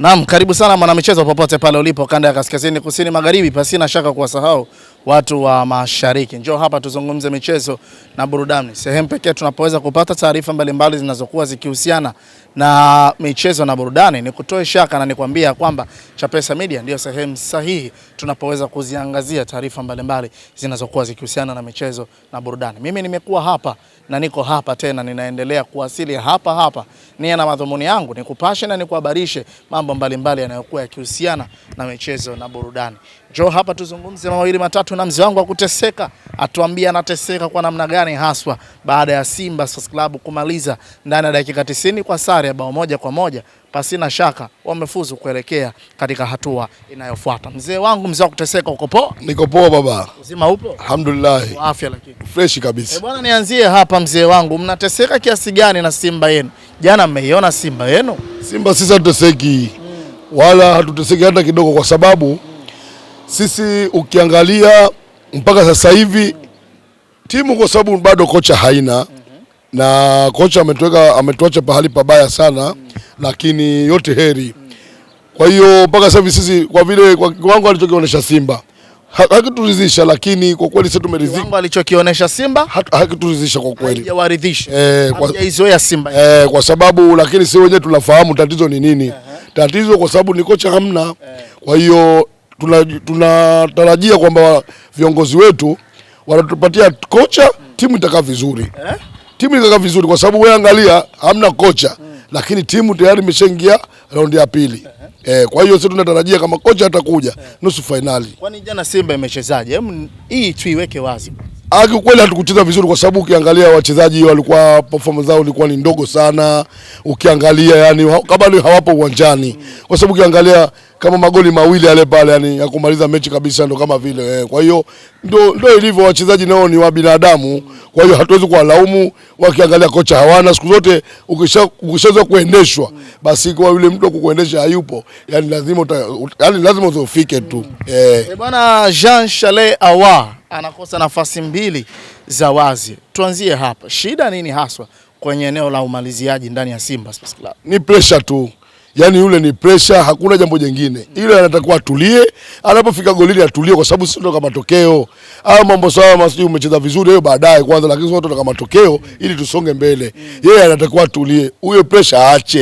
Naam, karibu sana mwanamichezo popote pale ulipo kanda ya kaskazini kusini magharibi, pasina shaka kuwasahau watu wa mashariki. Njoo hapa tuzungumze michezo na burudani, sehemu pekee tunapoweza kupata taarifa mbalimbali zinazokuwa zikihusiana na michezo na burudani. Ni kutoe shaka na nikwambia kwamba Chapesa Media ndiyo sehemu sahihi tunapoweza kuziangazia taarifa mbalimbali zinazokuwa zikihusiana na michezo na burudani. Mimi nimekuwa hapa na niko hapa tena, ninaendelea kuwasili hapa hapa, nia na madhumuni yangu ni kupashe na nikuhabarishe mambo mbalimbali yanayokuwa yakihusiana na michezo na burudani. Njoo hapa tuzungumze mawili matatu na mzee wangu akuteseka, atuambie anateseka kwa namna gani haswa, baada ya Simba Sports Club kumaliza ndani ya dakika 90 kwa sare ya bao moja kwa moja pasina shaka wamefuzu kuelekea katika hatua inayofuata. Mzee wangu, mzee wa kuteseka, uko poa? Niko poa baba. Uzima upo? Alhamdulillah. Afya lakini fresh kabisa. Eh, bwana nianzie hapa mzee wangu, mnateseka kiasi gani na Simba yenu? Jana mmeiona Simba yenu? Simba sisi hatuteseki. Hmm. Wala hatuteseki hata kidogo kwa sababu sisi ukiangalia mpaka sasa hivi timu kwa sababu bado kocha haina na kocha ametuweka ametuacha pahali pabaya sana, lakini yote heri. Kwa hiyo mpaka sasa hivi sisi kwa vile kwa kiwango alichokionyesha Simba hakituridhisha, lakini kwa kweli sisi tumeridhika. Kiwango alichokionyesha Simba hakituridhisha kwa kweli, hajawaridhisha eh, kwa, hajaizoea Simba eh, kwa sababu lakini sisi wenyewe tunafahamu tatizo ni nini. Tatizo kwa sababu ni kocha hamna, eh. kwa hiyo tunatarajia tuna, kwamba viongozi wetu wanatupatia kocha, timu itakaa vizuri eh? Timu itakaa vizuri kwa sababu wewe angalia, hamna kocha hmm. Lakini timu tayari imeshaingia raundi ya pili eh, eh? Eh, kwa hiyo sisi tunatarajia kama kocha atakuja eh, nusu fainali. Kwani jana Simba imechezaje Hii tuiweke wazi. Aki kweli hatukucheza vizuri kwa sababu ukiangalia wachezaji walikuwa performance zao ilikuwa ni ndogo sana, ukiangalia yani kama ni hawapo uwanjani, kwa sababu ukiangalia kama magoli mawili yale pale yani ya kumaliza mechi kabisa ndo kama vile eh. Kwa hiyo ndo, ndo ilivyo, wachezaji nao ni wa binadamu, kwa hiyo hatuwezi kuwalaumu. Wakiangalia kocha hawana siku zote, ukishaweza kuendeshwa basi, kwa yule mtu kukuendesha hayupo, yani lazima yani lazima uzofike tu eh. E bwana Jean Chalet Awa anakosa nafasi mbili za wazi. Tuanzie hapa, shida nini haswa kwenye eneo la umaliziaji ndani ya Simba Sports Club? Ni pressure tu Yaani yule ni pressure, hakuna jambo jingine. Mm. Ile anatakiwa atulie, anapofika golini atulie, kwa sababu sio kama matokeo au mambo sawa, masiji umecheza vizuri hiyo baadaye kwanza, lakini sio kama matokeo mm. ili tusonge mbele. Mm. Yeye anatakiwa atulie, huyo pressure aache.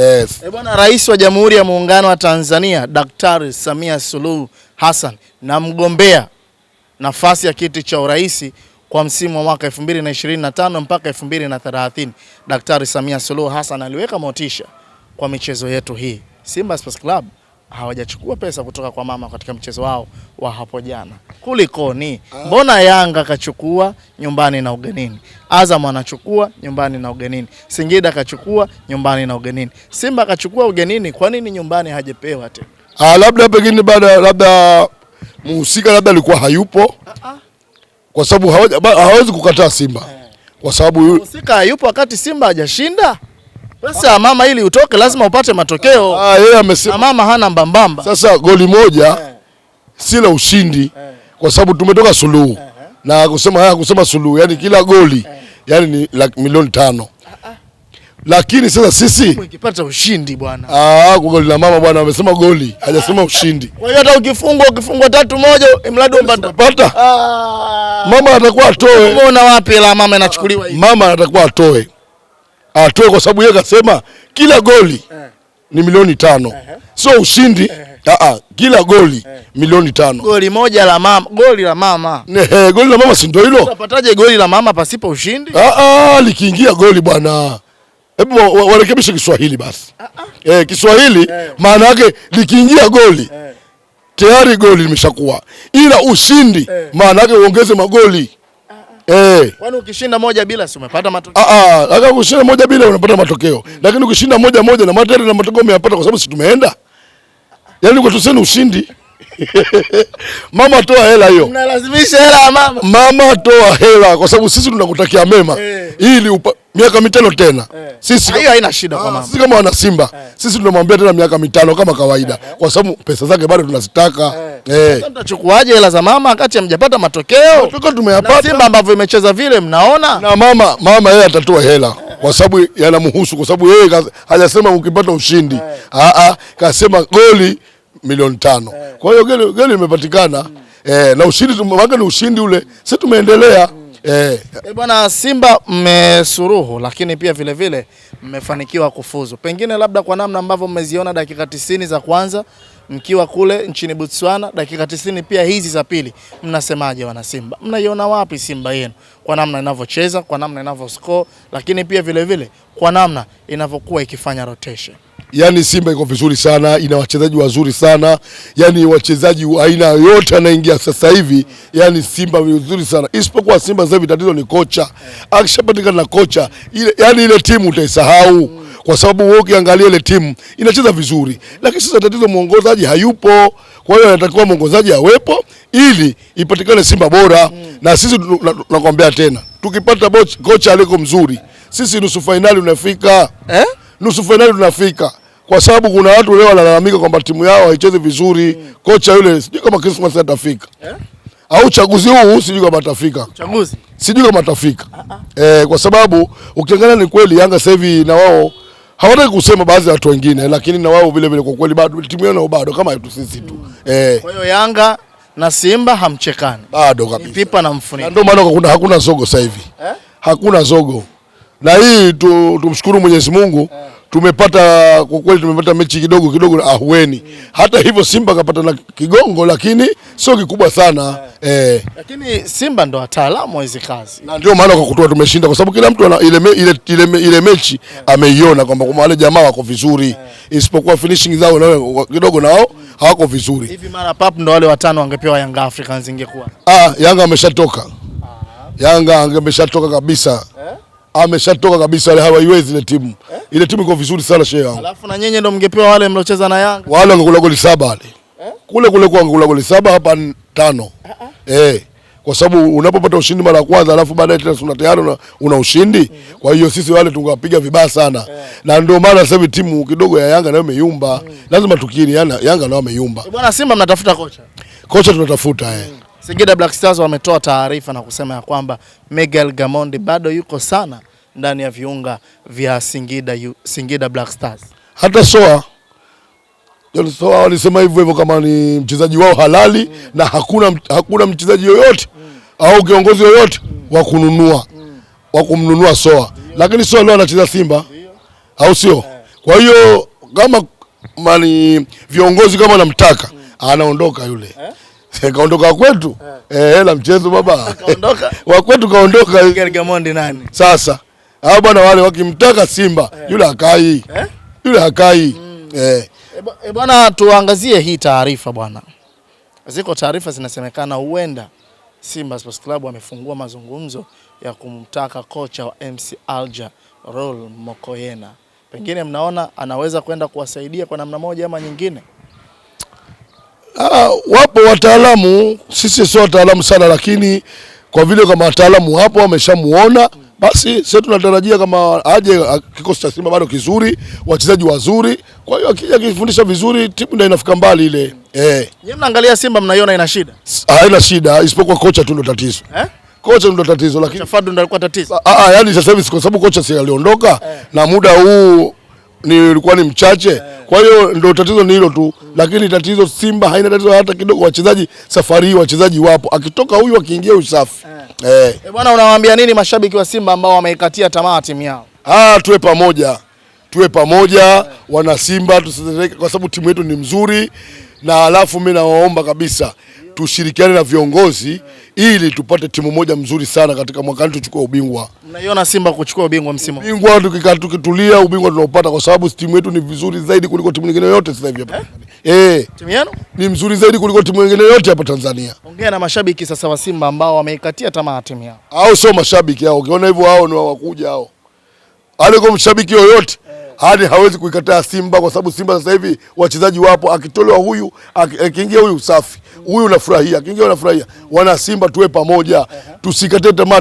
Yes. Eh, bwana Rais wa Jamhuri ya Muungano wa Tanzania Daktari Samia Suluhu Hassan na mgombea nafasi ya kiti cha urais kwa msimu wa mwaka 2025 mpaka 2030. Daktari Samia Suluhu Hassan aliweka motisha kwa michezo yetu hii. Simba Sports Club hawajachukua pesa kutoka kwa mama katika mchezo wao wa hapo jana. Kulikoni? Mbona Yanga kachukua nyumbani na ugenini, Azam anachukua nyumbani na ugenini, Singida kachukua nyumbani na ugenini, Simba kachukua ugenini, kwa nini nyumbani hajepewa tena? Ah, labda pengine baada labda muhusika labda alikuwa hayupo, uh-uh. kwa sababu hawezi kukataa Simba eh. kwa sababu muhusika hayupo wakati Simba hajashinda. Sasa mama, ili utoke lazima upate matokeo. Ah, yeye amesema mama hana mbambamba. Sasa goli moja eh. si la ushindi, eh. kwa sababu tumetoka suluhu na kusema haya kusema suluhu, yani kila goli yani ni like milioni tano lakini sasa sisi ukipata ushindi bwana. Ah, goli la mama bwana, amesema goli, hajasema ushindi. Kwa hiyo hata ukifungwa ukifungwa tatu moja, mradi umpata ah. mama atakuwa atoe. Umeona wapi la mama inachukuliwa hivi? Mama atakuwa atoe, atoe kwa sababu yeye kasema kila goli eh. ni milioni tano eh, sio ushindi eh. Ah, Aa, ah, kila goli eh. milioni tano. Goli moja la mama, goli la mama. Goli la mama si ndio hilo? Utapataje goli la mama pasipo ushindi? Aa, likiingia goli bwana hebu warekebishe Kiswahili basi. uh -uh. Eh, Kiswahili eh. maana yake likiingia goli eh. tayari goli limeshakuwa, ila ushindi eh. maana yake uongeze magoli uh -uh. Eh. Kwani ukishinda moja bila si umepata matokeo? Ah ah, ukishinda moja bila unapata matokeo. Mm. Lakini ukishinda moja moja na matokeo na matokeo umeyapata kwa sababu si tumeenda. Yaani kwa tuseni ushindi. Mama toa hela hiyo. Mnalazimisha hela mama. Mama toa hela kwa sababu sisi tunakutakia mema. hey. Ili upa miaka mitano tena eh. Sisi ah, hiyo haina shida kwa ah, mama. Sisi kama wana Simba eh. Sisi tunamwambia tena miaka mitano kama kawaida eh. Kwa sababu pesa zake bado tunazitaka eh. Eh. Sasa mtachukuaje hela za mama wakati hamjapata matokeo? Matokeo tumeyapata. Simba ambavyo imecheza vile mnaona. Na mama mama yeye atatoa hela kwa sababu yanamhusu, kwa sababu yeye hajasema ukipata ushindi eh. A ah, ah, kasema goli milioni tano eh. Kwa hiyo goli goli imepatikana mm. Eh, na ushindi tumewaka ni ushindi ule, sisi tumeendelea mm. Eh. E bwana, Simba mmesuruhu, lakini pia vile vile mmefanikiwa kufuzu, pengine labda kwa namna ambavyo mmeziona dakika tisini za kwanza mkiwa kule nchini Botswana, dakika tisini pia hizi za pili, mnasemaje wana Simba? Mnaiona wapi Simba yenu kwa namna inavyocheza, kwa namna inavyoscore, lakini pia vile vile kwa namna inavyokuwa ikifanya rotation? yani Simba iko vizuri sana, ina wachezaji wazuri sana, yani wachezaji aina yote anaingia sasa hivi, yani Simba vizuri sana isipokuwa Simba sasa hivi tatizo ni kocha. Akishapatikana na kocha ile, yani ile timu utaisahau kwa sababu wewe ukiangalia ile timu inacheza vizuri, lakini sasa tatizo mwongozaji hayupo. Kwa hiyo anatakiwa mwongozaji awepo ili ipatikane Simba bora mm. Na sisi tunakwambia tena, tukipata kocha aliko mzuri, sisi nusu fainali unafika eh? Nusu fainali tunafika kwa sababu kuna watu leo wanalalamika kwamba timu yao haichezi vizuri mm. Kocha yule sijui kama Christmas atafika eh? au uchaguzi huu sijui kama atafika, uchaguzi sijui kama atafika uh -uh. E, kwa sababu ukiangalia ni kweli Yanga sasa hivi na wao hawataki kusema baadhi ya watu wengine, lakini na wao vile vile kwa kweli bado timu yao bado kama yetu sisi tu mm. E, kwa hiyo Yanga na Simba hamchekani bado kabisa, pipa na mfuniko, ndio maana kuna hakuna zogo sasa hivi eh? hakuna zogo, na hii tu, tumshukuru Mwenyezi Mungu eh tumepata kwa kweli, tumepata mechi kidogo kidogo na ahueni. Hata hivyo Simba kapata na kigongo, lakini sio kikubwa sana yeah. Eh, lakini Simba ndo wataalamu wa hizi kazi, na ndio maana kwa kutoa tumeshinda, kwa sababu kila mtu ana ile, me, ile, ile, ile mechi yeah. ameiona kwamba kwa wale jamaa wako vizuri yeah. isipokuwa finishing zao na kidogo nao mm. hawako vizuri hivi. Mara pap ndo wale watano wangepewa Young Africans ingekuwa ah, Yanga ameshatoka ah. Yanga ameshatoka kabisa yeah ameshatoka kabisa, hawaiwezi ile timu eh? Ile timu iko vizuri sana shehe yangu. Alafu na nyenye ndo mngepewa wale mliocheza na Yanga. Wale wangekula goli saba wale. Eh? Kule kule kwa wangekula goli saba hapa tano. Uh ah, -huh. Ah. Eh. Kwa sababu unapopata ushindi mara ya kwanza alafu baadaye tena tuna tayari una, una ushindi. Mm -hmm. Kwa hiyo sisi wale tungewapiga vibaya sana. yeah. Na ndio maana sasa hivi timu kidogo ya Yanga nayo imeyumba. Mm. Lazima tukiri Yanga, Yanga nayo imeyumba. Eh, bwana Simba mnatafuta kocha. Kocha tunatafuta eh. Mm. Singida Black Stars wametoa taarifa na kusema ya kwamba Miguel Gamondi bado yuko sana ndani ya viunga vya Singida, Singida Black Stars. Hata soa yaani Soa walisema hivyo hivyo kama ni mchezaji wao halali mm. na hakuna, hakuna mchezaji yoyote mm. au kiongozi yoyote mm. wa kununua mm. wa kumnunua Soa Dio. Lakini Soa leo anacheza Simba Dio. au sio eh? Kwa hiyo kama mani viongozi kama anamtaka mm. anaondoka yule eh? Eh, kaondoka kwetu eh. eh, hela mchezo baba kaondoka wakwetu kaondoka. Sasa hao bwana wale wakimtaka Simba yule akai eh, yule akai eh. E bwana, tuangazie hii taarifa bwana, ziko taarifa zinasemekana huenda Simba Sports Club amefungua mazungumzo ya kumtaka kocha wa MC Alger Rol Mokoyena, pengine mnaona anaweza kwenda kuwasaidia kwa namna moja ama nyingine. Ah, wapo wataalamu, sisi sio wataalamu sana, lakini kwa vile kama wataalamu hapo wameshamuona, basi sisi tunatarajia kama aje. Kikosi cha Simba bado kizuri, wachezaji wazuri, kwa hiyo akija akifundisha vizuri, timu ndio inafika mbali ile. Eh, nyinyi mnaangalia Simba, mnaiona ina shida? Haina shida, isipokuwa kocha tu ndio tatizo eh? Kocha ndio tatizo, lakini Fadu ndio alikuwa tatizo. Ah, ah, yani sasa hivi kwa sababu kocha si aliondoka eh, na muda huu ni ni mchache. Eh. Kwa hiyo ndio tatizo ni hilo tu, lakini tatizo Simba haina tatizo hata kidogo. Wachezaji safari hii wachezaji wapo, akitoka huyu akiingia usafi eh. E, bwana unawaambia nini mashabiki wa Simba ambao wameikatia tamaa timu yao? Ah, tuwe pamoja, tuwe pamoja Wana Simba, tusizeeke kwa sababu timu yetu ni mzuri, na alafu mimi nawaomba kabisa tushirikiane na viongozi ili tupate timu moja mzuri sana katika mwaka huu tuchukue ubingwa. Mnaiona Simba kuchukua ubingwa msimu. Ubingwa tukikaa tukitulia, ubingwa tunaopata kwa sababu timu yetu ni vizuri zaidi kuliko timu nyingine yote sasa hivi hapa. Eh? eh, timu yenu ni mzuri zaidi kuliko timu nyingine yote hapa Tanzania. Ongea na mashabiki sasa wa Simba ambao wameikatia tamaa timu yao. Au sio mashabiki hao. Ukiona hivyo hao ni wakuja hao. Aliko mshabiki yoyote hadi hawezi kuikataa Simba kwa sababu Simba sasa hivi wachezaji wapo, akitolewa huyu akiingia huyu safi, huyu unafurahia, akiingia unafurahia. Wana Simba tuwe pamoja, tusikate tamaa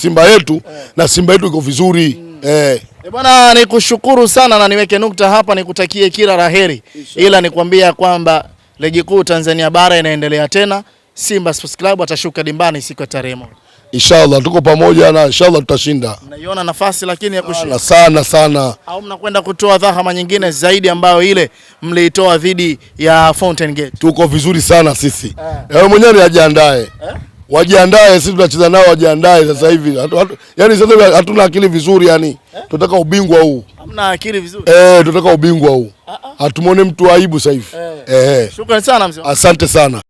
Simba yetu, na Simba yetu iko vizuri. Mm. Eh. eh. bwana, nikushukuru sana na niweke nukta hapa, nikutakie kila laheri, ila nikwambia kwamba ligi kuu Tanzania bara inaendelea tena. Simba Sports Club atashuka dimbani siku ya tarehe moja. Inshallah tuko pamoja na inshallah tutashinda. Naiona nafasi lakini ya kushinda sana sana. Au mnakwenda kutoa dhahama nyingine zaidi ambayo ile mliitoa dhidi ya Fountain Gate? Tuko vizuri sana sisi. Eh. Eh, wewe mwenyewe ajiandae, eh? wajiandae, sisi tunacheza nao, wajiandae sasa hivi. Yaani sasa hivi hatuna akili vizuri yani. Tunataka ubingwa huu. Hamna akili vizuri. Eh, tunataka ubingwa huu. Ah, ah. Hatumwone mtu aibu sasa hivi. Eh. Shukrani sana mzee. Asante sana.